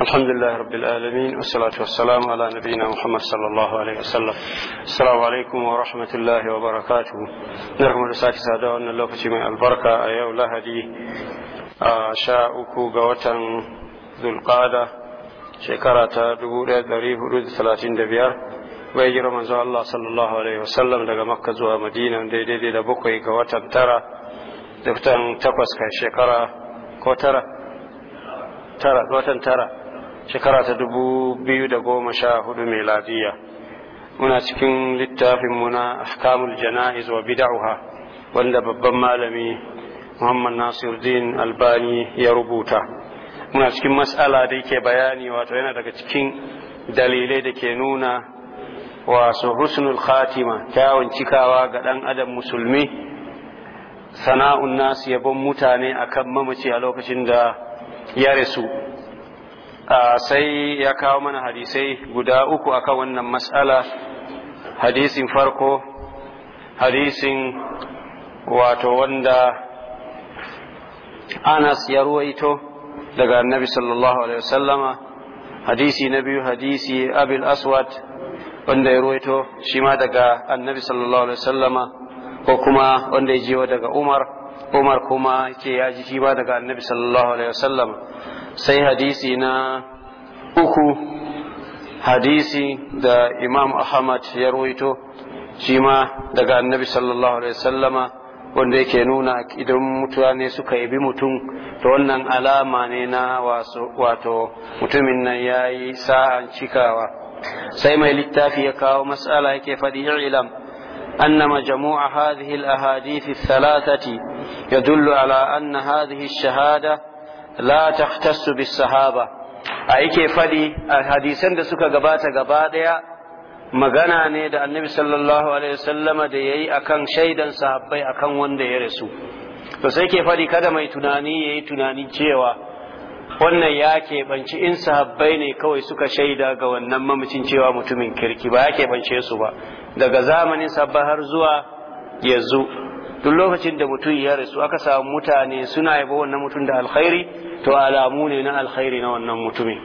الحمد لله رب العالمين والصلاة والسلام على نبينا محمد صلى الله عليه وسلم السلام عليكم ورحمة الله وبركاته نرحم رسالة سادة أن الله فتمع البركة أيو لهدي آه، شاءك قوتا ذو القادة شكرة دبورة دريه رد ثلاثين دبيار ويجر من الله صلى الله عليه وسلم لغا مكة زوى مدينة دي دي دي لبقي قوتا ترى دفتان تقوس كشكرة كوترة tara watan tara shekara ta dubu biyu da goma sha hudu mai lafiya muna cikin littafin muna ahkamul jana'iz wa bid'uha wanda babban malami Muhammad Nasiruddin Albani ya rubuta muna cikin matsala da yake bayani wato yana daga cikin dalilai da ke nuna wasu husnul khatima kyawun cikawa ga dan adam musulmi sana'un nasu yabon mutane akan mamaci a lokacin da ya su sai ya kawo mana hadisai guda uku akan wannan mas'ala hadisin farko hadisin wato wanda anas ya ruwaito daga annabi sallallahu alaihi wasallama hadisi na biyu hadisi abil aswad wanda ya ruwaito shi ma daga annabi sallallahu alaihi wasallama ko kuma wanda ya jiwa daga umar Umar kuma ke ya ji shi ba daga Annabi sallallahu alaihi wasallam sai hadisi na uku hadisi da Imam Ahmad ya ruwaito shi ma daga Annabi sallallahu alaihi wasallama wanda yake nuna idan mutane suka bi mutum to wannan alama ne na wato mutumin nan ya yi sa'an cikawa sai mai littafi ya kawo matsala yake faɗi ilam أن مجموع هذه الأحاديث الثلاثة يدل على أن هذه الشهادة لا تختص بالصحابة أيكي فدي الحديثين da suka gabata gaba magana ne da annabi sallallahu alaihi wasallama da yayi akan shaidan sahabbai akan wanda ya rasu to sai ke fadi kada mai tunani yayi tunani cewa wannan ya keɓanci in sahabbai ne kawai suka shaida ga wannan mamacin cewa mutumin kirki ba ya keɓance su ba daga zamanin sabba har zuwa yanzu duk lokacin da mutum ya rasu aka samu mutane suna yabo wannan mutum da alkhairi to alamu ne na alkhairi na wannan mutumin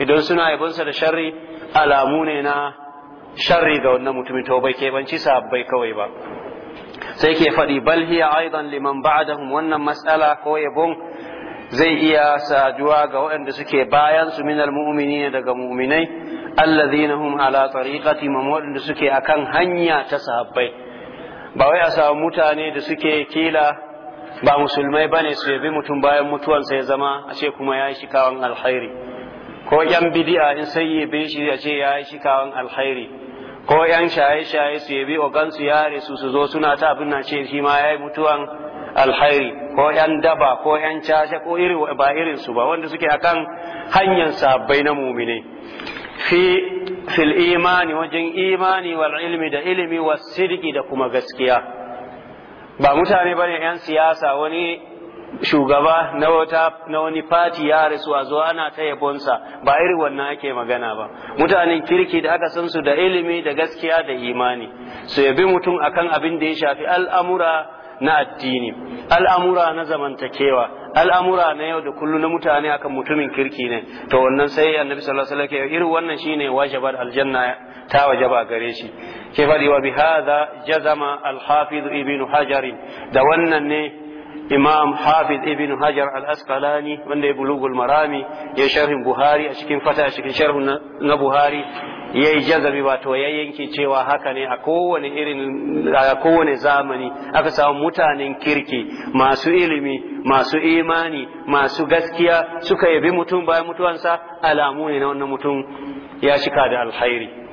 idan suna yabonsa da sharri alamu ne na sharri ga wannan mutumin to bai keɓanci sahabbai kawai ba sai ke faɗi bal hiya aidan liman ba'dahum wannan mas'ala ko yabon zai iya saduwa ga waɗanda suke bayan su minal mu'mini daga mu'minai alladhina hum ala tariqati waɗanda suke akan hanya ta sahabbai ba wai a samu mutane da suke kila ba musulmai bane su yabi mutum bayan mutuwan sai zama a ce kuma yayi shikawan alkhairi ko yan bid'a in sai yabe shi a ce yayi shikawan alkhairi ko yan shaye-shaye su yabi ogan su yare su su zo suna ta abin na ce shi ma yayi mutuwan alkhairi ko ‘yan daba ko ‘yan cashe ko iri ba irinsu ba wanda suke akan hanyar sabbai na mumine fi fil imani wajen imani wal ilmi da ilimi wa sidiki da kuma gaskiya ba mutane bane ‘yan siyasa wani shugaba na wata na wani fati ya rasu a zo ana ta yabonsa ba iri wannan ake magana ba mutanen kirki da aka san su da ilimi da gaskiya da imani su yabi mutum akan abin da ya shafi al'amura na addini al'amura na zamantakewa al'amura na yau da kullum na mutane akan mutumin kirki ne to wannan sai annabi sallallahu alaihi wasallam irin wannan shine wajabar aljanna ta wajaba gare shi ke faɗi wa bi jazama al-hafiz ibn hajar da wannan ne imam hafiz ibn hajar al-asqalani wanda ya bulugul marami ya sharhin buhari a cikin fata a cikin sharhin na buhari ya yi jazabi wato ya yanke cewa haka ne a kowane irin a kowane zamani aka samu mutanen kirki masu ilimi masu imani masu gaskiya suka yabi mutum bayan mutuwansa alamu ne na wannan mutum ya cika da alkhairi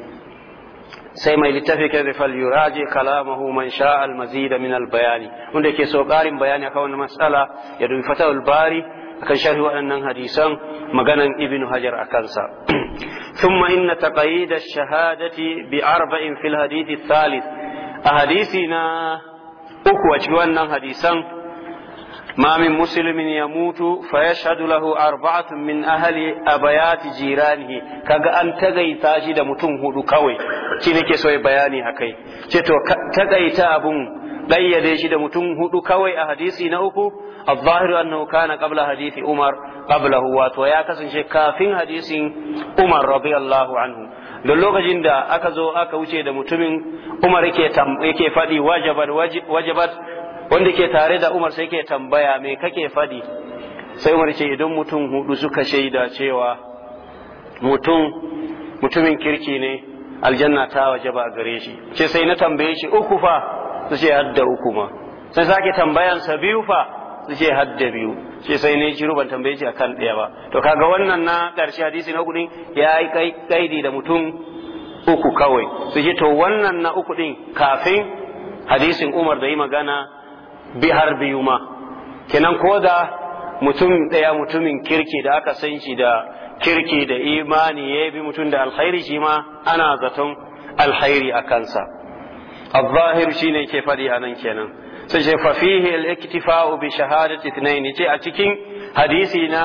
sai mai littafi kai fal yuraji kalamahu man sha'a al mazid min al bayani wanda yake so karin bayani akan wannan matsala ya dubi fatahul bari akan sharhi waɗannan hadisan maganan ibn hajar akansa sa thumma inna taqayid al shahadati bi arba'in fil hadith al thalith a hadisi na uku a cikin wannan hadisan ما من مسلم يموت فيشهد له أربعة من أهل أبيات جيرانه كغا أن تغي تاجد متن هدو كوي تيني كسوي بياني هكي تيتو تغي تابون قيد شد متن هدو كوي أحديثي نوكو الظاهر أنه كان قبل حديث عمر قبله واتو يا كسن كافين حديث عمر رضي الله عنه don lokacin da aka zo aka wuce da mutumin umar yake faɗi wajabat wanda ke tare da Umar sai ke tambaya me kake fadi sai Umar ce idan mutum hudu suka shaida cewa mutum mutumin kirki ne aljanna ta waje ba gare shi ce sai na tambaye shi uku fa su ce hadda uku ma sai sake tambayan sa biyu fa su ce hadda biyu ce sai ne shiru ban tambaye shi akan ɗaya ba to kaga wannan na ƙarshe hadisi na kudin ya yi kaidi da mutum uku kawai su ce to wannan na uku din kafin hadisin Umar da yi magana bi har biyu ma kenan ko da mutum ɗaya mutumin kirki da aka san shi da kirki da imani ya bi mutum da alkhairi shi ma ana zaton alkhairi a kansa al-zahir shine ke faɗi a nan kenan sai ce fa fihi al-iktifa'u bi shahadati ithnain ce a cikin hadisi na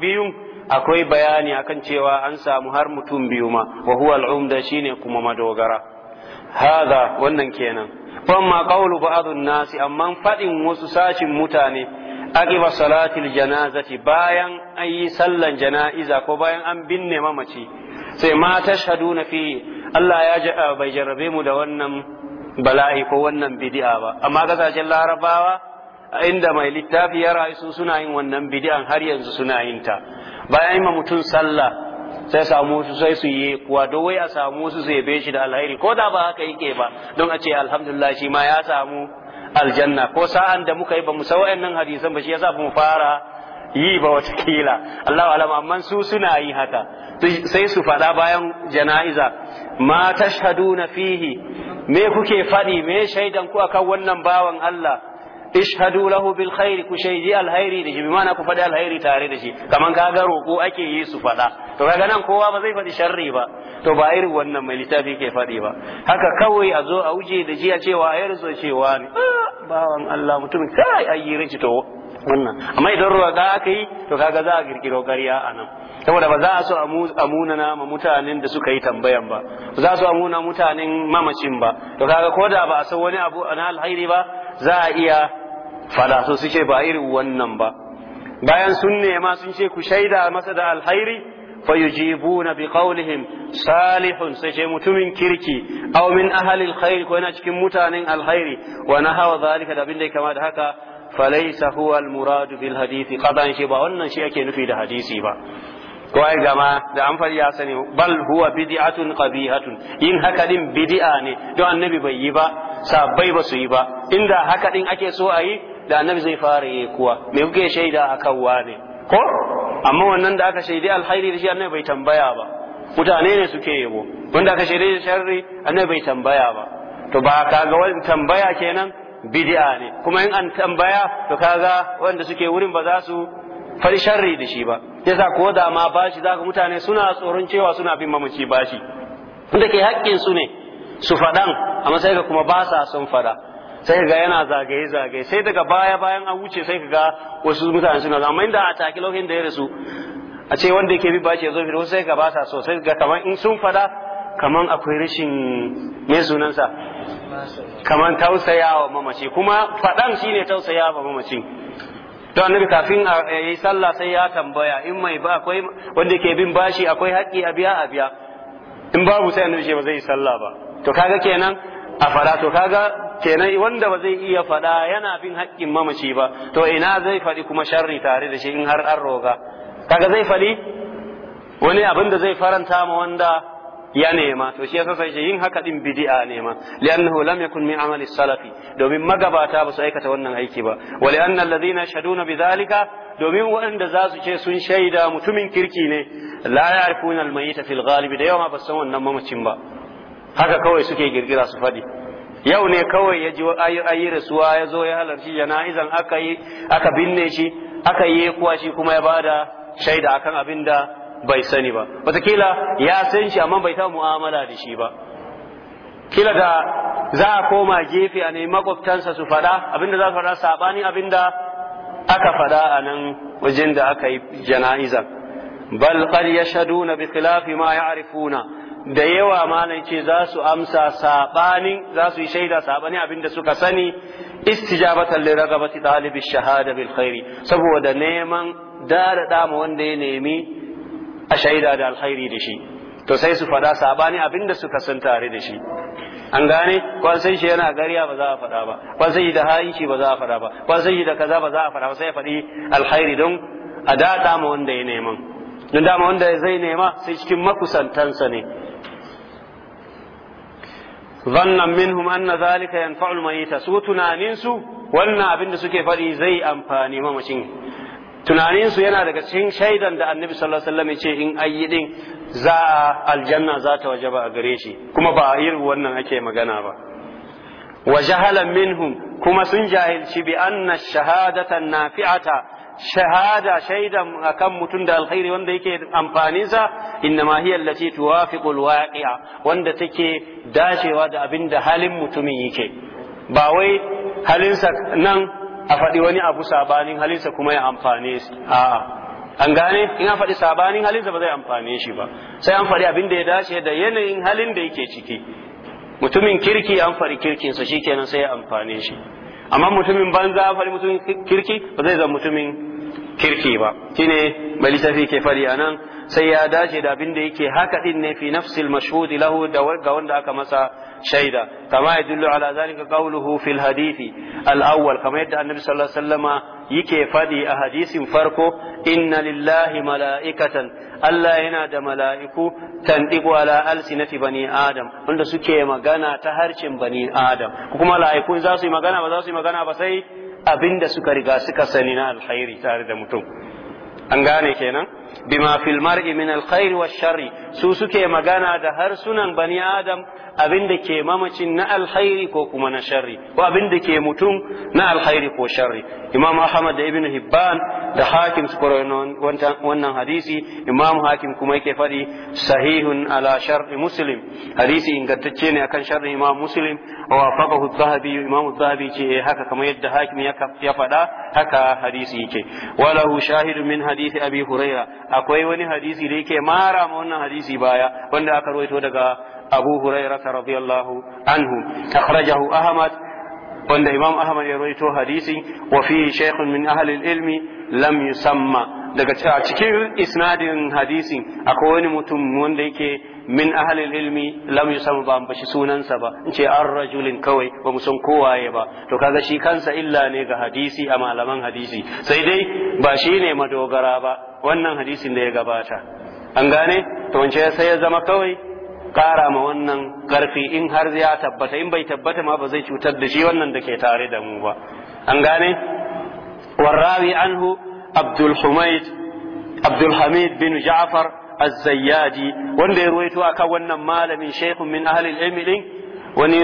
biyun akwai bayani akan cewa an samu har mutum biyu ma wa huwa al-umda shine kuma madogara hadha wannan kenan wamma qawlu ba'dun nasi amma fadin wasu sashin mutane aqiba salatil janazati bayan ayi sallan jana'iza ko bayan an binne mamaci sai ma tashhaduna fi Allah ya ah, bai jarrabe mu da wannan bala'i ko wannan bid'a ba amma kasashen larabawa inda mai littafi ya rayu suna yin wannan bid'an har yanzu suna yin ta bayan ma mutum sallah sai samu su sai su yi wato wai a samu su be shi da alheri ko da ba haka yake ba don a ce alhamdulillah shi ma ya samu aljanna ko sa'an da muka yi ba mu sa nan hadisan ba shi yasa mu fara yi ba watakila Allah alama amma su suna yi haka sai su faɗa bayan jana'iza ma tashhaduna fihi me kuke faɗi me shaidan ku akan wannan bawan Allah ishadu lahu bil khairi ku shaidi khairi da shi bi ma'ana ku faɗi khairi tare da shi kaman kaga roko ake yi su faɗa to kaga nan kowa ba zai faɗi sharri ba to ba irin wannan mai littafi ke faɗi ba haka kawai a zo a wuce da jiya cewa a yarso cewa ne ah, bawan Allah mutumin kai ayi rici to wannan amma idan ga aka yi to kaga za a girgiro ƙarya a nan saboda ba za a so amunana ma mutanen da suka yi tambayan ba za su amuna mutanen mamacin ba to kaga ko da ba a san wani abu na alhairi ba za a iya falaso suke ba irin wannan ba bayan sun nema sun ce ku shaida masa da alhairi fa yujibuna bi qawlihim salihun sai ce mutumin kirki aw min ahli alkhair ko yana cikin mutanen alkhairi wa nahawa zalika da binda kama da haka falaysa huwa almurad bil hadisi qadan shi ba wannan shi yake nufi da hadisi ba ko ai gama da an fari ya sani bal huwa bid'atun qabihatun yin haka din bid'a ne don annabi bai yi ba sabbai ba su yi ba inda haka din ake so a yi da annabi zai fara yi kuwa me kuke shaida akan wane ko amma wannan da aka shaidi alkhairi da shi annabi bai tambaya ba mutane ne suke yabo wanda aka shaidi sharri annabi bai tambaya ba to ba kaga wani tambaya kenan bid'a ne kuma in an tambaya to kaga wanda suke wurin ba za su fari sharri da shi ba yasa ko da ma bashi zaka mutane suna tsoron cewa suna bin mamaci bashi Wanda ke haƙƙin su ne su faɗan a matsayin kuma ba sa son faɗa sai ga yana zagaye zagaye sai daga baya bayan an wuce sai ga wasu mutane suna amma inda a taki lokacin da ya rasu a ce wanda yake bi ba ya zo fito sai ga ba sa so sai ga kamar in sun fada kamar akwai rashin me sunansa kamar wa mamaci kuma fadan shine wa mamacin don annabi kafin a yi sallah sai ya tambaya in mai ba akwai wanda ke bin bashi akwai haƙƙi a biya a biya in babu sai annabi ce ba zai yi sallah ba to kaga kenan a fara to kaga kenan wanda ba zai iya faɗa yana bin haƙƙin mamaci ba to ina zai faɗi kuma sharri tare da shi in har an roga kaga zai faɗi wani abin da zai faranta ma wanda ya nema to shi yasa sai yin haka din bid'a ne ma li'annahu lam yakun min amali salafi domin magabata ba su aikata wannan aiki ba wa li'anna alladhina shaduna bidhalika domin waɗanda za su ce sun shaida mutumin kirki ne la ya'rifuna al-mayyita fil ghalib da yawa ba san wannan mamacin ba haka kawai suke girgira su faɗi yau ne kawai ya ji ayi rasuwa ya zo ya halarci jana'izan aka yi aka binne shi aka yi kuwa shi kuma ya ba da shaida akan abin da bai sani ba wataƙila ya san shi amma bai ta mu'amala da shi ba kila da za a koma gefe a nemi makwabtansa su faɗa da za su faɗa abin da aka faɗa a nan wajen da aka yi jana'izan bal qad yashhaduna bi khilafi ma ya'rifuna da yawa malam ce za su amsa sabani za su yi shaida sabani abinda suka sani istijabatan li ragabati talibi shahada bil khairi saboda neman dada dama wanda ya nemi a shaida da alkhairi da shi to sai su faɗa sabani abinda suka san tare da shi an gane kwan sai shi yana gariya ba za a faɗa ba kwan sai shi da haishi ba za a faɗa ba kwan sai shi da kaza ba za a faɗa ba sai ya faɗi alkhairi don a da ma wanda ya neman don dama wanda zai nema sai cikin makusantansa ne zannan minhum anna zalika yanfa'ul mayita su tunanin su wannan abin da suke faɗi zai amfani mamacin tunanin su yana daga cikin shaidan da annabi sallallahu alaihi wasallam ya ce in ayi din za aljanna za ta wajaba a gare shi kuma ba irin wannan ake magana ba wa jahalan minhum kuma sun jahilci bi anna shahadatan nafi'ata shahada shaida akan mutum da alkhairi wanda yake amfanin sa inna ma hiya allati tuwafiqu alwaqi'a wanda take dacewa da abin da halin mutumin yake ba wai halinsa nan a faɗi wani abu sabanin halinsa kuma ya amfane shi a'a an gane in an faɗi sabanin halinsa ba zai amfane shi ba sai an faɗi abin da ya dace da yanayin halin da yake ciki mutumin kirki an faɗi kirkinsa shikenan sai ya amfane shi amma mutumin banza an faɗi mutumin kirki ba zai zama mutumin kirki ba shine mai littafi ke fari anan sai ya dace da abin da yake haka din ne fi nafsil mashhud lahu ga wanda aka masa shaida kama yadullu ala zalika qawluhu fil hadithi al awwal kama yadda annabi sallallahu alaihi wasallama yake fadi a hadisin farko inna lillahi mala'ikatan Allah yana da mala'iku tandiqu ala alsinati bani adam wanda suke magana ta harshen bani adam kuma mala'ikun za su yi magana ba za su yi magana ba sai abin da suka riga suka sani na alkhairi tare da mutum an gane kenan Bimafilmar fil mar'i alkhairi wa su suke magana da harsunan bani adam abin da ke mamacin na alkhairi ko kuma na sharri ko abin da ke mutum na alkhairi ko sharri imam ahmad da ibn hibban da hakim su wannan hadisi imam hakim kuma yake fadi sahihun ala sharri muslim hadisi ingantacce ne akan sharri imam muslim wa faqahu zahabi imam zahabi ce haka kamar yadda hakim ya faɗa haka hadisi yake walahu shahidun min hadisi abi huraira akwai wani hadisi da yake mara wannan hadisi baya wanda aka rawaito daga Abu Hurairah radiyallahu anhu akhrajahu Ahmad wanda Imam Ahmad ya rawaito hadisi wa fi shaykhun min ahli al-ilmi lam yusamma daga cewa cikin isnadin hadisi akwai wani mutum wanda yake min ahalil ilmi lam yusam ba bashi sunansa ba in ce an rajulin kawai ba mu san kowaye ba to kaga shi kansa illa ne ga hadisi a malaman hadisi sai dai ba shi ne madogara ba wannan hadisin da ya gabata an gane to wance sai ya zama kawai kara ma wannan karfi in har ya tabbata in bai tabbata ma ba zai cutar da shi wannan da ke tare da mu ba an gane warrawi anhu Abdul Hamid bin Ja'far Az-Zayyadi wanda ya ruwaito kan wannan malamin shaykhun min ahli al-ilm din wani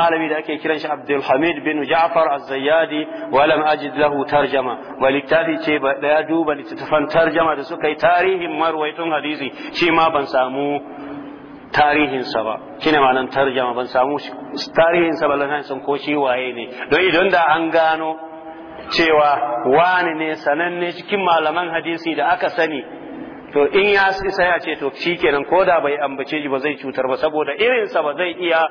malami da ake kiran shi Abdul Hamid bin Ja'far Az-Zayyadi wa lam ajid lahu tarjama wa littafi ce ba daya duba littafan tarjama da suka yi tarihin marwaitun hadisi shi ma ban samu tarihinsa ba shine ma'anar tarjama ban samu tarihinsa ba ko shi waye ne don idan da an gano cewa wani ne sananne cikin malaman hadisi da aka sani to in ya isa ya ce to shikenan ko da bai ambace shi ba zai cutar ba saboda irinsa ba zai iya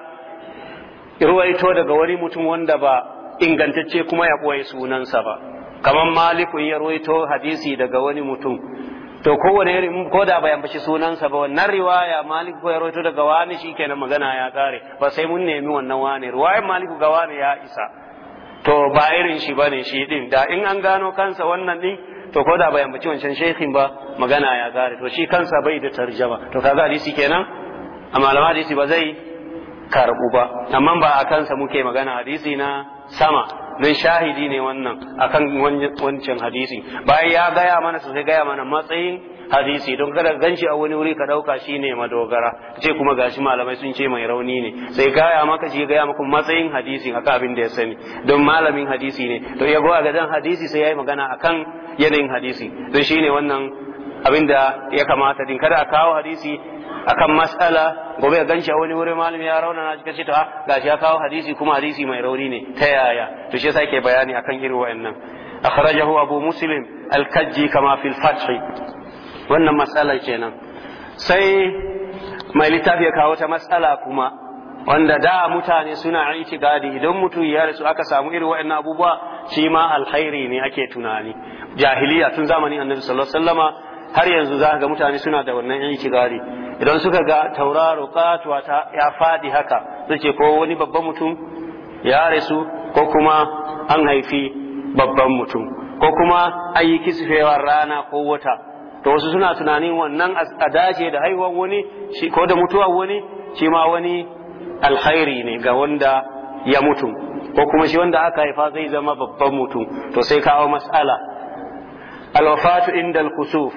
ruwaito daga wani mutum wanda ba ingantacce kuma ya ɓoye sunansa ba kamar malikun ya ruwaito hadisi daga wani mutum to kowane irin ko da bai ambaci sunansa ba wannan riwaya malik ko ya ruwaito daga wani shikenan magana ya kare ba sai mun nemi wannan wani riwayar malik ga wani ya isa to ba irin shi bane shi din da in an gano kansa wannan din to ko da bai ambaci wancan sheikhin ba magana ya gare to shi kansa bai da tarjaba to kaga hadisi kenan a malama hadisi ba zai karbu ba amma ba a kansa muke magana hadisi na sama don shahidi ne wannan akan wancan hadisi bayan ya gaya mana su sai gaya mana matsayin hadisi don kada ganshi a wani wuri ka dauka ne madogara ce kuma gashi malamai sun ce mai rauni ne sai gaya maka shi gaya maka matsayin hadisi haka abin da ya sani don malamin hadisi ne to ya goya gadan hadisi sai yayi magana akan yanayin hadisi don shi ne wannan abin da ya kamata din kada a kawo hadisi akan mas'ala gobe gan ganci a wani wuri malami ya rauna na kace to ah, gashi ya kawo hadisi kuma hadisi mai rauni ne ta yaya to shi yasa yake bayani akan irin wa'annan akhrajahu abu muslim al-kajji kama fil fath wannan matsalar kenan sai mai littafi ya kawo ta matsala kuma wanda da mutane suna aiki gadi idan mutum ya rasu aka samu irin waɗannan abubuwa shi ma alkhairi ne ake tunani jahiliya tun zamanin annabi sallallahu alaihi wasallama har yanzu za ga mutane suna da wannan aiki gadi idan suka ga tauraro katuwa ta ya fadi haka suke ko wani babban mutum ya rasu ko kuma an haifi babban mutum ko kuma ayi kisfewar rana ko wata to wasu suna tunanin wannan a dace da haihuwar wani ko da mutuwar wani shi ma wani alkhairi ne ga wanda ya mutu ko kuma shi wanda aka haifa zai zama babban mutum to sai kawo mas'ala alwafatu inda alkusuf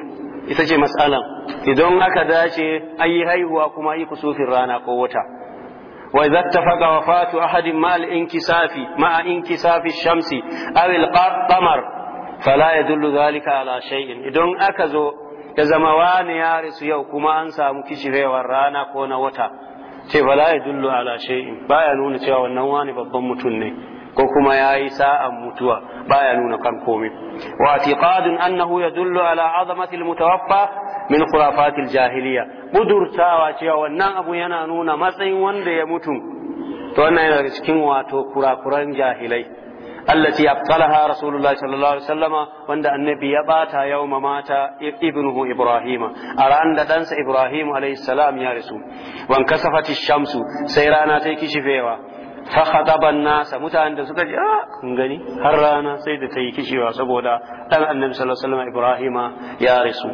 ita ce mas'alan idan aka dace an yi haihuwa kuma yi kusufin rana ko wata وإذا اتفق وفاة أحد مع الانكساف مع انكساف الشمس أو fala ya dullu zalika ala shay'in idan aka zo ya zama wani ya rasu yau kuma an samu kishirewar rana ko na wata ce fala ya dullu ala shay'in baya nuna cewa wannan wani babban mutum ne ko kuma ya yi sa'an mutuwa baya nuna kan komai wa atiqadun annahu yadullu ala azamati almutawaffa min khurafati aljahiliya budurtawa cewa wannan abu yana nuna matsayin wanda ya mutu to wannan yana daga cikin wato kurakuran jahilai التي أبطلها رسول الله صلى الله عليه وسلم وأن النبي بات يوم مات ابنه إبراهيم أران دانس إبراهيم عليه السلام يا رسول وانكسفت الشمس سيرانا تيكي شفيوة فخطب الناس متان da suka ji ah kun gani har rana sai da ta yi kishiwa saboda dan annabi sallallahu ya rasu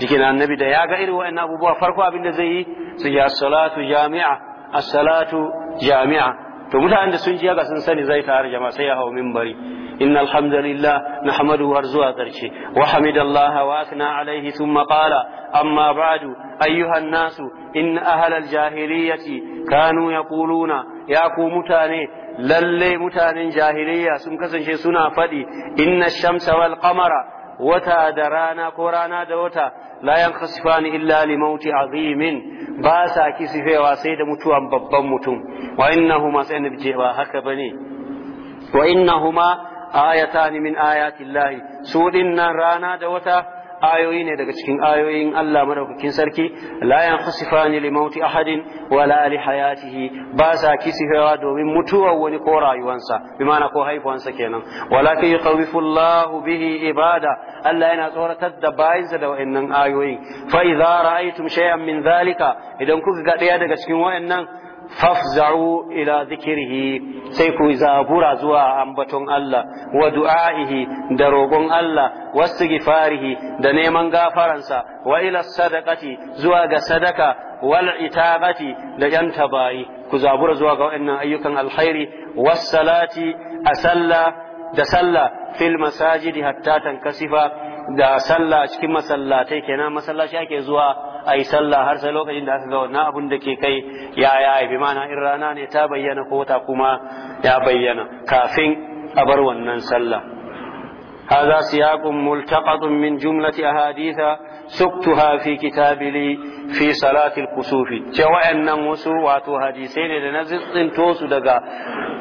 jikin annabi da ya ga irin wa'annan abubuwa farko abin da zai yi su ya salatu jami'a as-salatu jami'a to mutanen da sun ji haka sun sani zai tare jama'a sai ya hawo minbari innal hamdalillah nahmaduhu har zuwa karshe wa hamidallaha wa asna alaihi thumma qala amma ba'du ayyuhan nasu in ahlal jahiliyyati kanu yaquluna ya ku mutane lalle mutanen jahiliya sun kasance suna faɗi inna shamsa wal qamara wata da rana ko rana da wata la yanqasifani illa li mauti azimin ba sa kisifewa sai da mutuwan babban mutum wa innahuma sai annabi ce ba haka bane wa innahuma ayatan min ayati llahi su nan rana da wata ayoyi ne daga cikin ayoyin Allah madaukakin sarki la yanqasifani li mauti ahadin wala li hayatihi ba sa kisifewa domin mutuwar wani ko rayuwansa bi ma'ana ko haifuwansa kenan walakin yuqawifu Allah bihi ibada Allah yana tsoratar da bayinsa da wa'annan ayoyin fa idza ra'aytum shay'an min zalika idan kuka ga daya daga cikin wa'annan fafza'u ila zikirhi sai ku zabura zuwa ambaton Allah wa du'a'ihi da rogon Allah wastighfarihi da neman gafaransa wa ila sadaqati zuwa ga sadaka wal itabati da yan tabayi ku zabura zuwa ga waɗannan ayyukan alkhairi was salati asalla da sallah fil masajidi hatta kasifa da sallah cikin masallatai kenan masallaci ake zuwa a yi sallah har sai lokacin da aka ga wannan abun da ke kai ya ya bi mana in rana ne ta bayyana ko ta kuma ya bayyana kafin a bar wannan sallah هذا سياق ملتقط من جملة أحاديث suktuha fi kitabili fi salatil kusufi ce wayannan wasu wato hadisai ne da na zitsinto su daga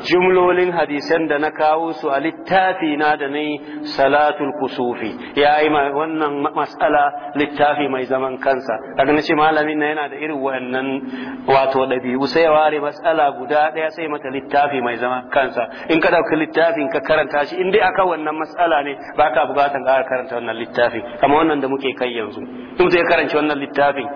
jumlolin hadisan da na kawo su a littafi na da ni salatul kusufi ya yi wannan mas'ala littafi mai zaman kansa daga na malamin na yana da irin wa'annan wato dabi'u sai ya ware mas'ala guda ɗaya sai mata littafi mai zaman kansa in ka ɗauki littafin ka karanta shi in dai aka wannan mas'ala ne ba ka ka karanta wannan littafin Kamar wannan da muke kai yanzu su in sai karanci wannan littafin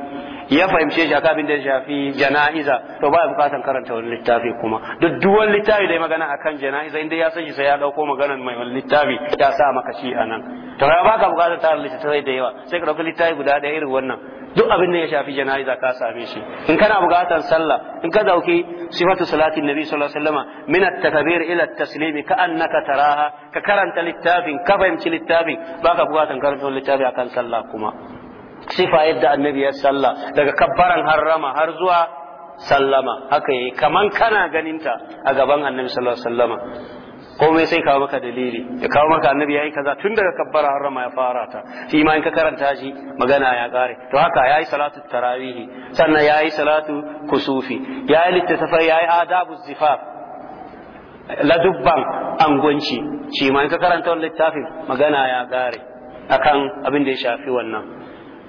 ya fahimce shi abin da ya shafi jana'iza to ba ya bukatan karanta wani littafi kuma duk duwan littafi da ya magana akan jana'iza inda ya san shi sai ya dauko magana mai wani littafi ya sa maka shi anan to ya baka bukatar tarin littafi da yawa sai ka dauki littafi guda daya irin wannan duk abin da ya shafi jana'iza ka same shi in kana bukatan sallah in ka dauki sifatu salatin nabi sallallahu alaihi wasallam min at-takbir ila at-taslim ka annaka taraha ka karanta littafin ka fahimci littafin baka bukatar karanta littafi akan sallah kuma sifa yadda annabi ya sallah daga kabbaran harrama har zuwa sallama haka yayi kaman kana ganinta a gaban annabi sallallahu alaihi komai sai kawo maka dalili ya kawo maka annabi yayi kaza tun daga kabbara ma ya fara ta shi ma in ka karanta shi magana ya kare to haka yayi salatu tarawih sannan yayi salatu kusufi yayi littafai yayi adabu zifaf ladubban angwanci shi ma in ka karanta wannan littafin magana ya kare akan abin da ya shafi wannan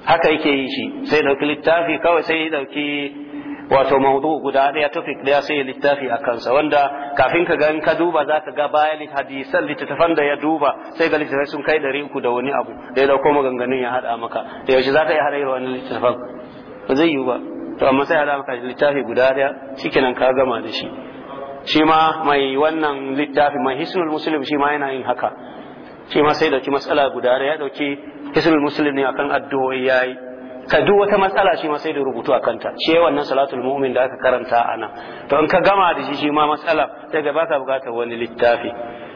haka yake yi shi sai dauki littafi kawai sai dauki wato maudu guda ɗaya topic ɗaya sai ya littafi a kansa wanda kafin ka gan ka duba za ka ga bayan hadisan littattafan da ya duba sai ga littattafai sun kai dari uku da wani abu da ya dauko maganganun ya haɗa maka da yaushe za ka iya haɗa irin wani littattafan ba zai yiwu ba to amma sai hada maka littafi guda ɗaya cikinan ka gama da shi shi ma mai wannan littafi mai hisnul muslim shi ma yana yin haka shi ma sai dauki matsala guda ɗaya ya dauki hisnul muslim ne akan addu'o'i yayi ka duk wata matsala shi ma sai da rubutu a kanta shi wannan salatul mu'min da aka karanta a nan to in ka gama da shi shi ma matsala sai gaba ka bukatar wani littafi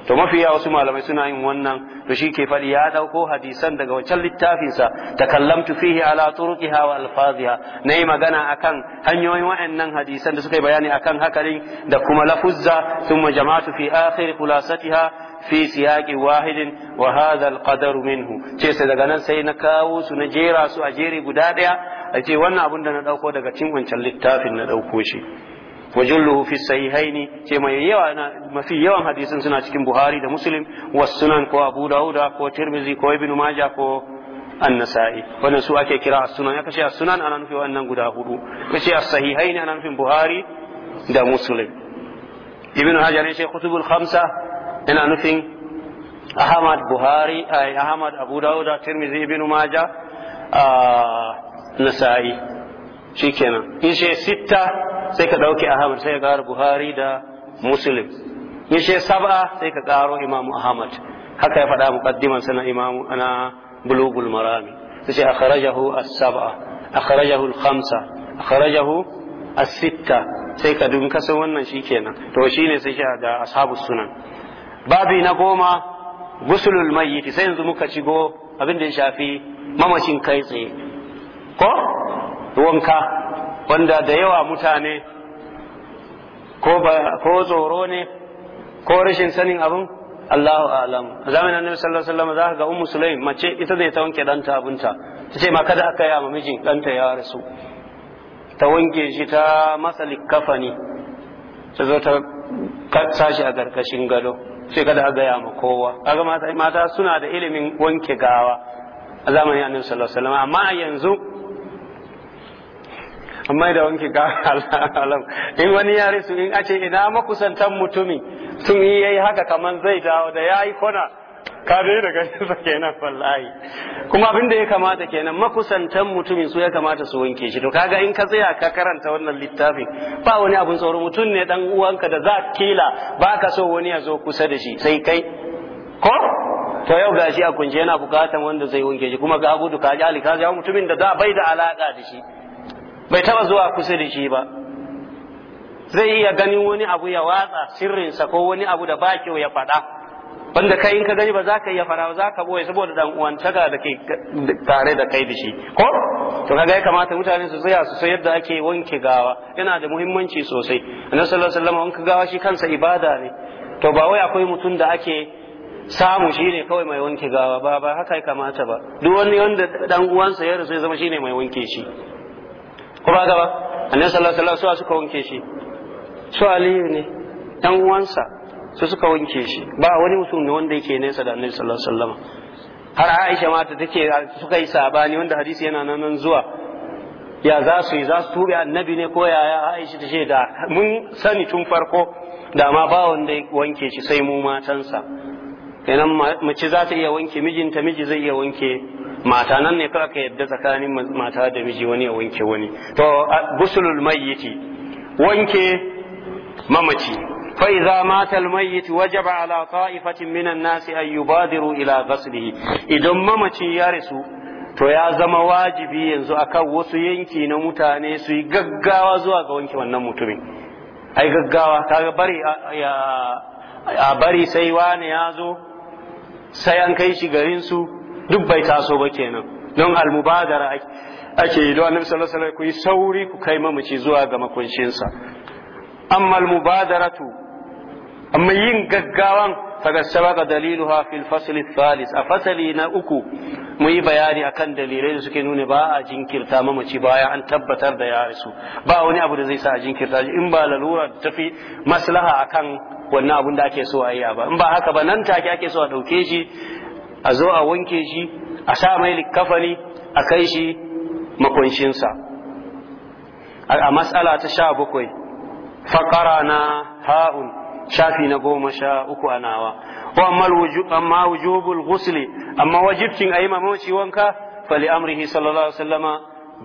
to mafiya wasu malamai suna yin wannan to shi ke faɗi ya dauko hadisan daga wancan littafinsa takallamtu fihi ala turuqiha wa alfaziha nayi magana akan hanyoyin wa'annan hadisan da suka yi bayani akan hakarin da kuma lafuzza thumma jama'atu fi akhir khulasatiha fi siyaqi wahidin wa hadha alqadar minhu ce sai daga nan sai na kawo su na jera su a jere guda daya a ce wannan abun da na dauko daga cikin wancan littafin na dauko shi وجله ce mai كما يوا mafi yawan يوم حديث cikin buhari da ده wa sunan ko abu dauda ko tirmizi ko ibnu maja ko annasa'i wannan su ake kira sunan ya kace sunan ana nufin wannan guda hudu kace sahihaini ana nufin buhari da muslim ibnu hajar ne shi kutubul khamsa ina nufin ahmad buhari ahmad abu dawuda tirmidhi ibn maja nasa'i shikenan in she sitta sai ka dauke ahmad sai ka kara buhari da muslim in she sab'a sai ka karo imam ahmad haka ya faɗa muqaddiman sana imamu ana bulugul marami sai akhrajahu as-sab'a akhrajahu al-khamsa akhrajahu as-sitta sai ka dun kasan wannan shikenan to shine sai ga ashabus sunan babi na goma gusulul mayyiti sai yanzu muka go abin da ya shafi mamacin kai tsaye ko wanka wanda da yawa mutane ko tsoro ne ko rashin sanin abin Allahu alam a zamanin annabi sallallahu alaihi wasallam zaka ga ummu sulaim mace ita ne ta wanke danta abunta ta ce ma kada aka yi ma mijin danta ya rasu ta wanke shi ta masa likkafani ta zo ta sashi a karkashin gado Sai kada a gaya ma kowa kaga mata mata suna da ilimin wanke gawa a zamanin annabi sallallahu alaihi wasallam amma yanzu amma da wanke gawa in wani yare su in ace ina makusantan mutumi sun yi yayi haka kaman zai dawo da yayi kona ka da daga kenan wallahi kuma abin da ya kamata kenan makusantan mutumin su ya kamata su wanke shi to kaga in ka tsaya ka karanta wannan littafin ba wani abun tsoro mutum ne dan uwanka da za kila ba ka so wani ya zo kusa da shi sai kai ko to yau gashi a kunje yana bukatan wanda zai wanke shi kuma ga abudu ka jali ka jawo mutumin da za bai da alaka da shi bai taba zuwa kusa da shi ba zai iya ganin wani abu ya watsa sirrinsa ko wani abu da ba kyau ya faɗa wanda kai in ka gani ba za ka iya fara ba za ka boye saboda dan uwantaka da ke tare da kai da shi ko to kaga ya kamata mutane su tsaya su san yadda ake wanke gawa yana da muhimmanci sosai annabi sallallahu alaihi wasallam wanke gawa shi kansa ibada ne to ba wai akwai mutum da ake samu shine kawai mai wanke gawa ba ba haka ya kamata ba duk wani wanda dan uwansa ya rasu ya zama shine mai wanke shi ko ba ba? annabi sallallahu alaihi wasallam suka wanke shi su aliyu ne dan uwansa su suka wanke shi ba wani mutum ne wanda yake nesa da annabi sallallahu alaihi wasallam har Aisha ma ta take suka yi sabani wanda hadisi yana nan zuwa ya za su yi za su tube annabi ne ko yaya Aisha ta ce da mun sani tun farko da ma ba wanda wanke shi sai mu matansa kenan mace za ta iya wanke mijinta miji zai iya wanke mata nan ne kawai ka yadda tsakanin mata da miji wani ya wanke wani to gusulul mayyiti wanke mamaci فإذا مات الميت وجب على طائفة من الناس أن يبادروا إلى غسله إذا ما يارسو to ya zama wajibi yanzu akan wasu yanki na mutane su yi gaggawa zuwa ga wanke wannan mutumin ai gaggawa kaga bari a bari sai wani ya zo sai an kai shi garin su duk bai taso ba kenan don almubadara ake yi don annabi sallallahu alaihi wasallam ku yi sauri ku kai mamaci zuwa ga makunshinsa amma almubadaratu amma yin gaggawan faga sabaka daliluha fil fasl thalis a fasali na uku mu yi bayani akan dalilai da suke nuna ba a jinkirta mamaci bayan an tabbatar da ya rasu ba wani abu da zai sa a jinkirta in ba lalura da tafi maslaha akan wannan abun da ake so a yi ba in ba haka ba nan take ake so a ɗauke shi a zo a wanke shi a sa mai likafani a kai shi makunshinsa a matsala ta sha bakwai faƙara na ha'un shafi na goma sha uku a nawa wa amma wujubul ghusli amma wajibcin a yi mamaci wanka fali amrihi sallallahu alaihi wasallama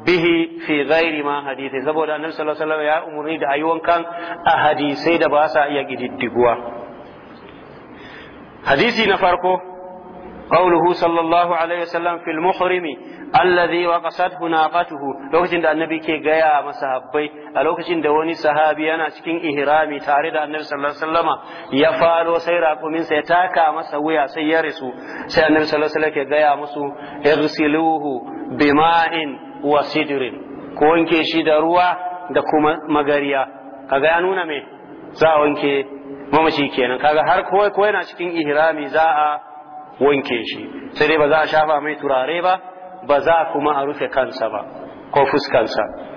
bihi fi ghairi ma hadithi. saboda annabi sallallahu ya umarni da ayi wankan a hadisai da ba sa iya gididdiguwa hadisi na farko قوله صلى الله عليه وسلم في المحرم الذي وقصته ناقته لوكشن ده النبي كي غيا مسحبي لوكشن ده وني صحابي yana cikin ihrami tare da annabi sallallahu alaihi wasallama ya faro sai raƙumin sa ya taka masa wuya sai ya risu sai annabi sallallahu alaihi wasallam ke gaya musu irsiluhu bima'in wa sidrin ko wanke shi da ruwa da kuma magariya kaga ya nuna me za a wanke mamaci kenan kaga har ko yana cikin ihrami za a wanke shi sai dai ba za a shafa mai turare ba ba za kuma a rufe kansa ba ko fuskansa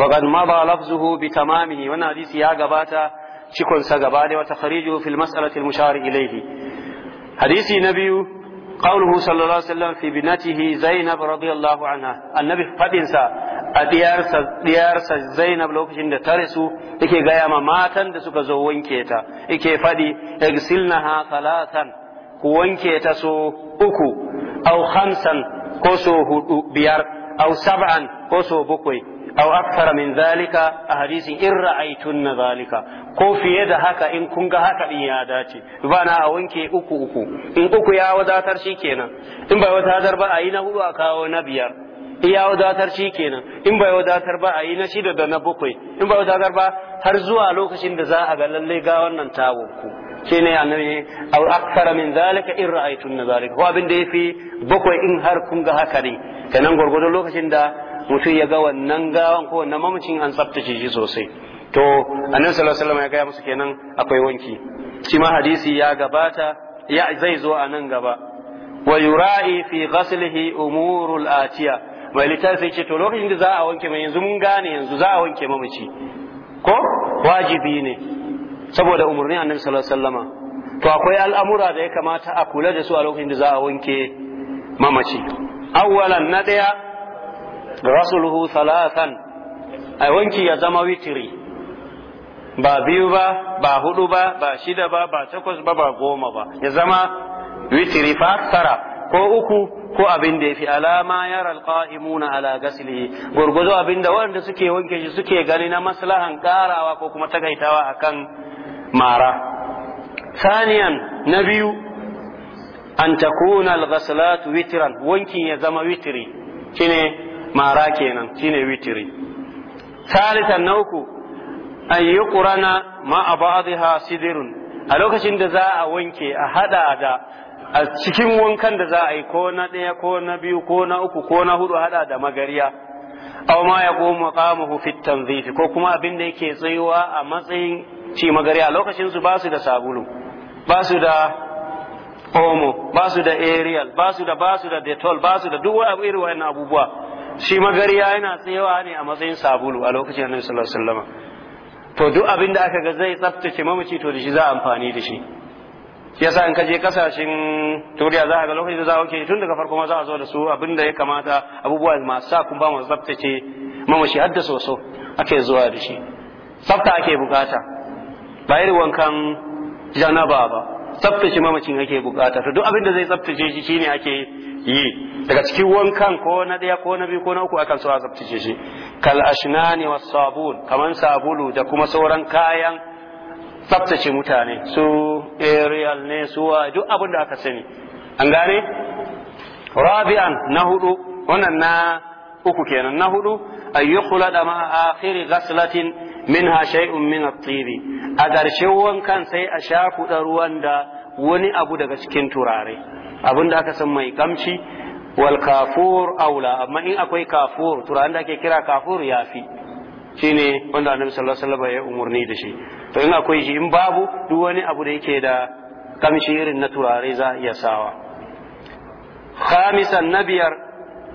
وقد مضى لفظه بتمامه وانا حديث يا غباتا cikon sa gaba da wata khariju fil mas'alati al-mushar ilayhi hadisi na biyu qawluhu sallallahu alaihi wasallam fi binatihi zainab radiyallahu anha annabi fadin sa a diyarsa zainab lokacin da ta rasu yake gaya ma matan da suka zo wanke ta yake fadi igsilnaha thalathan ku wanke ta so uku au khamsan ko so hudu biyar au sab'an ko so bakwai au akthara min zalika a hadisin in na zalika ko fiye da haka in kun ga haka din ya dace na a wanke uku uku in uku ya wadatar shi kenan in bai wadatar ba a yi na hudu a kawo na biyar iya wadatar shi kenan in bai wadatar ba a yi na shida da na bakwai in bai wadatar ba har zuwa lokacin da za a ga lallai ga wannan tawon ku shine annabi aw akthara min zalika in min zalika ko abin da yafi bakwai in har kun ga haka ne kenan gurgurdon lokacin da mutum ya ga wannan gawan ko wannan mamacin an tsaftace shi sosai to annabi sallallahu alaihi wasallam ya gaya musu kenan akwai wanki shi ma hadisi ya gabata ya zai zo a nan gaba wa yura'i fi ghaslihi umurul atiya mai littafi ce to lokacin da za a wanke mai yanzu mun gane yanzu za a wanke mamaci ko wajibi ne saboda umarni annabi sallallahu alaihi wasallama to akwai al'amura da ya kamata a kula da su a lokacin da za a wanke mamaci awwalan na daya rasuluhu salasan ai wanki ya zama witiri ba biyu ba ba hudu ba ba shida ba ba takwas ba ba goma ba ya zama witiri fa tara ko uku ko abin da yafi alama yara alqa'imuna ala gaslihi gurguzo abin da waɗanda suke wanke shi suke gani na maslahan karawa ko kuma takaitawa akan mara saniyan na biyu an takuna alghaslat witran wankin ya zama witri shine mara kenan shine witri ثالثا نوكو أن ma مع بعضها a lokacin da za a wanke a hada da a cikin wankan da za a yi ko na ɗaya ko na biyu ko na uku ko na hudu hada da magariya aw ma ya goma qamuhu fi tanzif ko kuma abin da yake tsayuwa a matsayin ci magariya lokacin su basu da sabulu basu da omo basu da aerial basu da basu da detol basu da duk wani irin wannan abubuwa shi magariya yana tsayuwa ne a matsayin sabulu a lokacin annabi sallallahu alaihi wasallam to duk abin da aka ga zai tsaftace mamaci to da shi za a amfani da shi shi yasa in ka je kasashen turiya za a ga lokacin da za a wuce tun daga farko ma za a zo da su abinda da ya kamata abubuwa masu sa kun ba mu tsaftace mamashi har da soso ake zuwa da shi tsafta ake bukata ba irin wankan janaba ba tsaftace mamacin ake bukata to duk abin da zai tsaftace shi shine ake yi daga cikin wankan ko na daya ko na biyu ko na uku akan so a tsaftace shi kal ashnani was sabun kaman sabulu da kuma sauran kayan tsaftace mutane su aerial ne su wa duk abin da aka sani an gane rabi'an na hudu wannan na uku kenan na hudu ayyukula da ma akhiri ghaslatin minha shay'un min at-tibi a garshe wankan sai a shafuɗa ruwan da wani abu daga cikin turare abin da aka san mai kamci wal kafur aula amma in akwai kafur turaren da ake kira kafur yafi shine wanda annabi sallallahu alaihi wasallam ya umurni da shi to in akwai shi in babu duk wani abu da yake da kamshi irin na turare za ya sawa khamisan nabiyar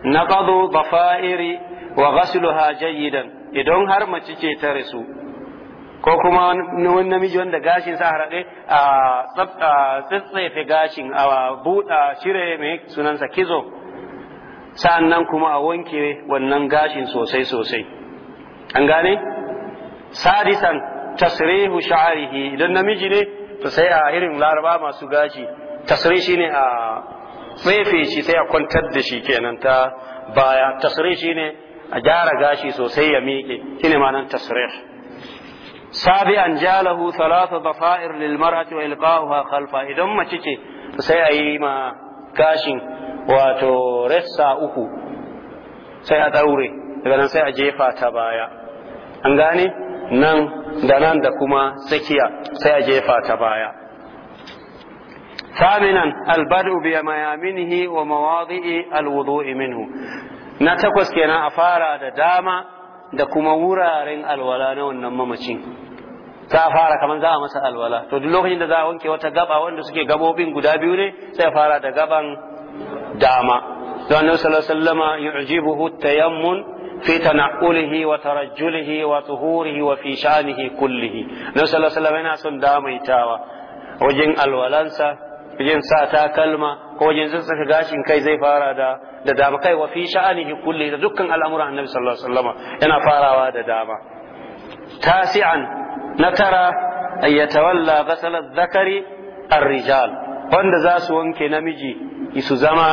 naqadu dafa'iri wa ghasluha jayyidan idan har mace ce ta rasu ko kuma wani namiji wanda gashin sa harade a tsatsefe gashin a buɗa shire mai sunansa kizo sa'annan kuma a wanke wannan gashin sosai sosai an gane sadisan tasrihu sha'arihi idan namiji ne to sai a irin laraba masu gashi tasri shine a tsefe shi sai a kwantar da shi kenan ta baya tasri shine a gyara gashi sosai ya miƙe shine ma'anar tasrih sabi'an jalahu thalatha dafa'ir lil mar'ati wa ilqaha khalfa idan mace ce sai a yi ma gashin wato rassa uku sai a daure daga nan sai a jefa ta baya an gane nan da nan da kuma tsakiya sai a jefa ta baya mawadi'i alwudu'i minhu na takwas kenan a fara da dama da kuma wuraren alwala na wannan mamacin ta fara kamar za a masa alwala to duk lokacin da za a wanke wata gaba wanda suke gabobin guda biyu ne sai fara da gaban dama don annabi sallallahu alaihi wasallama yu'jibuhu tayammun في تنعله وترجله وطهوره وفي شأنه كله نبي صلى الله عليه وسلم yana son tawa. wajen alwalansa wajen sa takalma ko wajen zazzaka gashin kai zai fara da da dama kai wa fi sha'anihi kulli da dukkan al'amuran annabi sallallahu alaihi wasallam yana farawa da dama tasi'an na tara ayyatawalla ghasala Zakari an rijal wanda za su wanke namiji su zama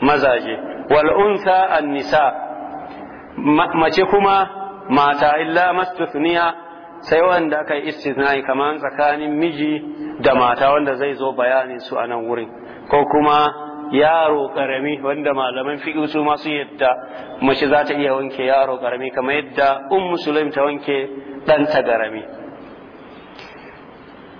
mazaje wal'unsa unsa an-nisa mace kuma mata illa mastuthniya sai wanda kai yi kaman kamar tsakanin miji da mata wanda zai zo bayani su anan wurin ko kuma yaro karami wanda malaman fiqh su ma su yadda mace za ta iya wanke yaro karami kamar yadda ummu sulaim ta wanke dan ɗanta karami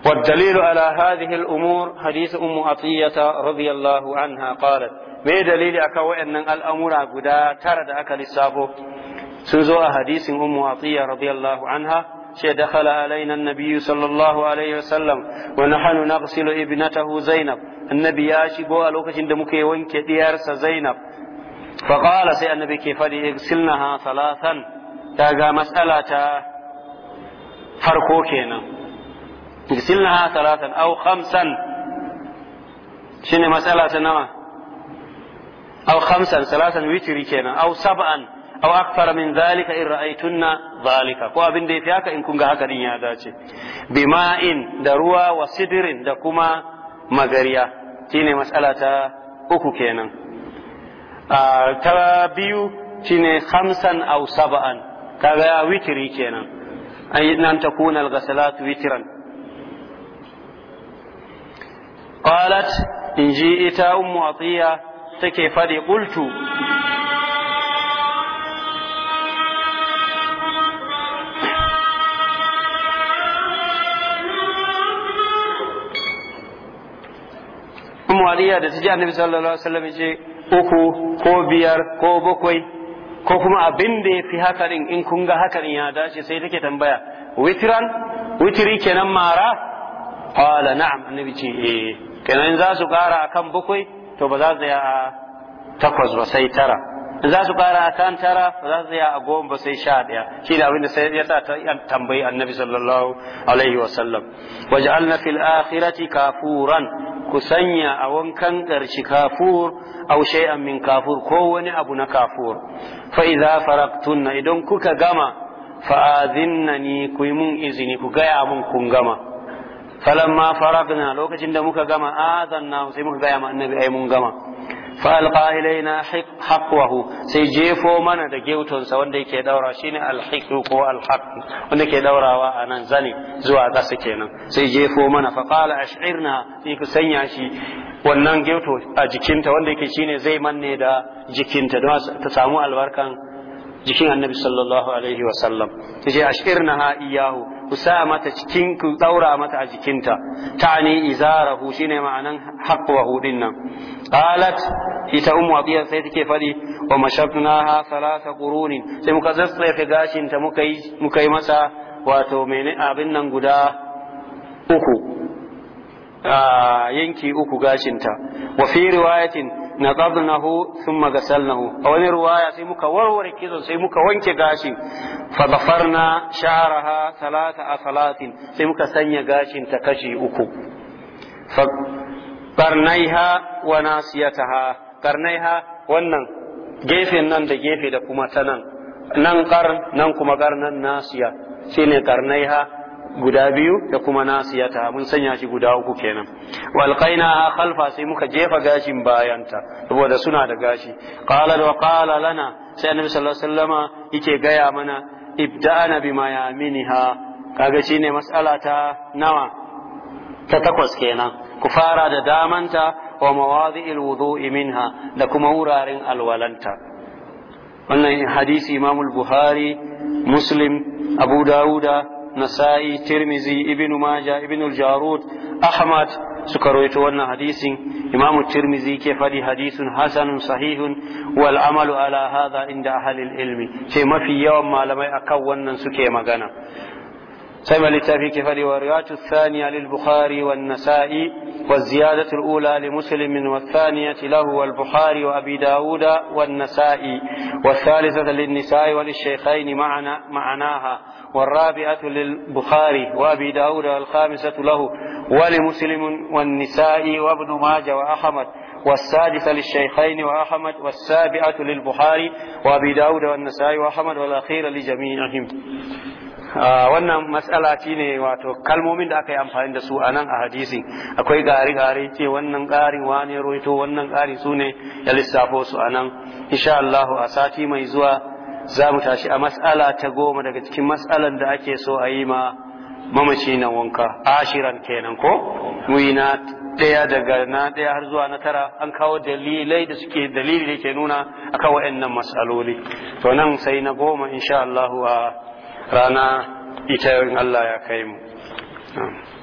والدليل على هذه الأمور حديث أم عطية رضي الله عنها قالت me dalili akan waɗannan al'amura guda tara da aka lissafo sun zo a hadisin ummu atiya radiyallahu anha ce dakhala alaina annabiyyu sallallahu alaihi wasallam wa nahnu naghsilu ibnatahu zainab annabi ya shigo a lokacin da muke wanke diyarsa zainab fa sai annabi ke faɗi fadi ha salatan daga mas'ala ta farko kenan igsilnaha salasan aw khamsan shine mas'ala ta nawa aw khamsan salatan witri kenan aw au aw akthara min zalika in ra'aytunna zalika ko abin da yafi haka in kun ga haka din ya dace bima'in da ruwa wa sidrin da kuma magariya shine matsala ta uku kenan ta biyu shine khamsan aw sab'an kaga witri kenan ay nan takuna al-ghasalat witran قالت إن جئت أم عطية take faɗi ƙultu Mariya da ta annabi sallallahu alaihi wasallam ce uku ko biyar ko bakwai ko kuma abin da ya fi hakarin in kun ga hakarin ya dace sai take tambaya witran witri kenan mara qala na'am annabi ce eh kenan za su kara akan bakwai to ba za su tsaya a takwas ba sai tara in za su kara a kan tara ba za su tsaya a goma ba sai sha ɗaya shi da abinda sai ya sa ta tambayi annabi sallallahu alaihi wasallam waj'alna fil akhirati kafuran ku sanya a wankan ƙarshe kafur aw shay'an min kafur ko wani abu na kafur fa idza faraqtunna idan kuka gama fa'azinna ni ku yi mun izini ku gaya mun kun gama falamma faragna lokacin da muka gama adanna sai muka gaya ma annabi ai mun gama fa alqa ilaina haqwahu sai jefo mana da gewtonsa wanda yake daura shine alhiqu ko alhaq wanda yake daurawa a nan zane zuwa ƙasa kenan sai jefo mana fa sanya shi wannan gewto a jikinta wanda yake shine zai manne da jikinta don ta samu albarkan jikin annabi sallallahu alaihi wasallam ta ce ha iyahu ku sa mata cikin ku daura mata a jikinta tani izarahu shine ma'anan wa hudin nan qalat ita ummu abiya sai take fadi wa mashabnaha salasa qurunin sai muka zassa gashin ta muka yi muka yi masa wato mene abin nan guda uku yanki uku gashinta wa fi riwayatin nadadnahu thumma ghasalnahu a wani ruwaya sai muka warware kitson sai muka wanke gashin fa dhafarna sha'raha thalatha afalatin sai muka sanya gashin ta kashi uku fa qarnaiha wa nasiyataha qarnaiha wannan gefen nan da gefe da kuma ta nan nan kar nan kuma kar nan nasiya shine qarnaiha guda biyu da kuma ta mun sanya shi guda uku kenan walqaina khalfa sai muka jefa gashin bayanta saboda suna da gashi qala wa qala lana sai annabi sallallahu alaihi wasallama yake gaya mana ibda'ana bima yaminiha kaga shine mas'ala ta nawa ta takwas kenan ku fara da damanta wa mawadi'il wudu'i minha da kuma wuraren alwalanta wannan hadisi imamul buhari muslim abu dawuda nasa'i tirmizi Ibinu maja Ibinu jarud ahmad suka rawaito wannan hadisin imamu tirmizi ke faɗi hadisin Hassan sahihun wal amalu ala hadha inda ahli ilmi ce mafi yawan malamai a kan wannan suke magana سمع للتافي كفالي ورواية الثانية للبخاري والنسائي والزيادة الأولى لمسلم والثانية له والبخاري وأبي داود والنسائي والثالثة للنساء وللشيخين معنا معناها والرابعة للبخاري وأبي داود والخامسة له ولمسلم والنساء وابن ماجه وأحمد والسادسة للشيخين وأحمد والسابعة للبخاري وأبي داود والنسائي وأحمد والأخيرة لجميعهم Ah, wannan matsala shi ne wato kalmomin da aka yi amfani da su a nan a hadisi akwai gari-gari ce wannan ƙarin wane roito wannan gari su ne ya lissafo su a nan insha Allah a sati mai zuwa za mu tashi a matsala ta goma daga cikin matsalan da ake so a yi ma mamaci na wanka ashiran kenan ko Wina na ɗaya daga na ɗaya har zuwa na tara an kawo dalilai da suke dalili da ke nuna akan waɗannan matsaloli to nan sai na goma insha Allah a rana ita Allah ya kai mu